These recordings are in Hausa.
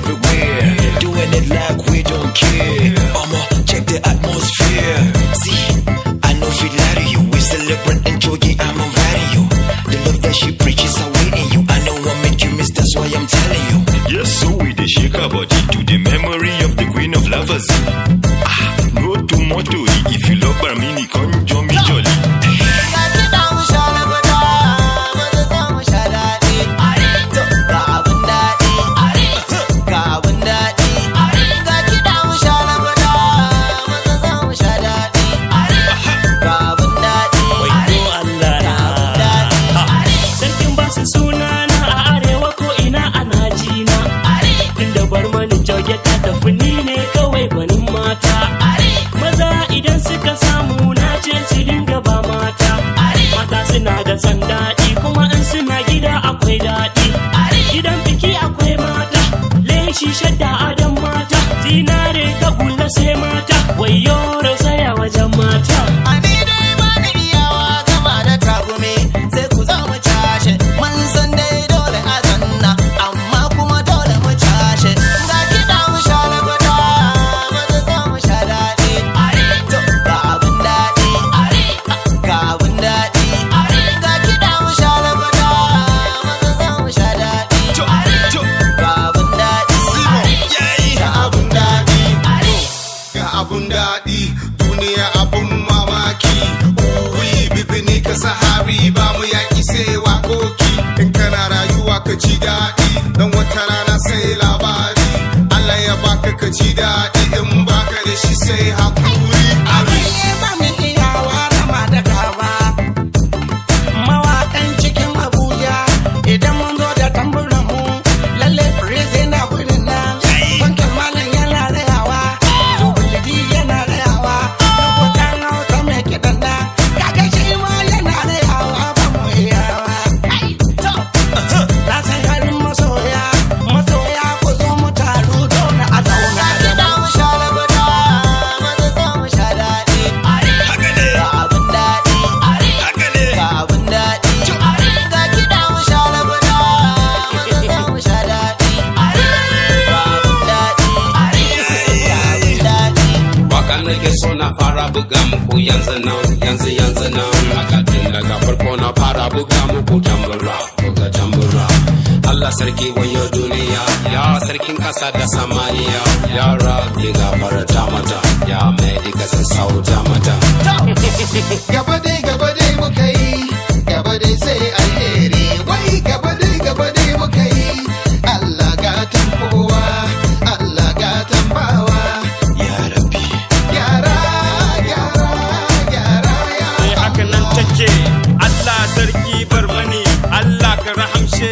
everywhere. Doing it like we don't care. I'ma check the atmosphere. See, I know feel lie to you. We celebrate and joy, I'm inviting you. The love that she preaches, I'm waiting you. I know I make you miss, that's why I'm telling you. Yes, so we did shake our body to the memory of the queen of lovers. Ah, no too much to bar mani jauge ta tafi ni ne kawai banin mata maza idan suka samu na ce su dinga ba mata mata suna da sandaɗi. daɗi sahari ba mu yaƙi sai waƙoƙi in kana rayuwa ka ci daɗi don wata rana sai labari Allah ya baka ka ci daɗi in baka da shi sai hakuri. Abin buga muku yanzu nan yanzu yanzu nan maka tun daga farko na fara buga muku tambura buga tambura Allah sarki wayo duniya ya sarkin kasa da samaniya ya rabbi gafarta mata ya mai dika sassauta mata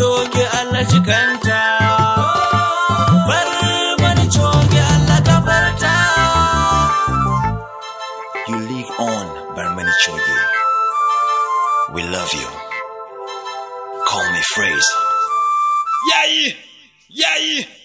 Allah Allah you live on bar we love you call me phrase yayi yayi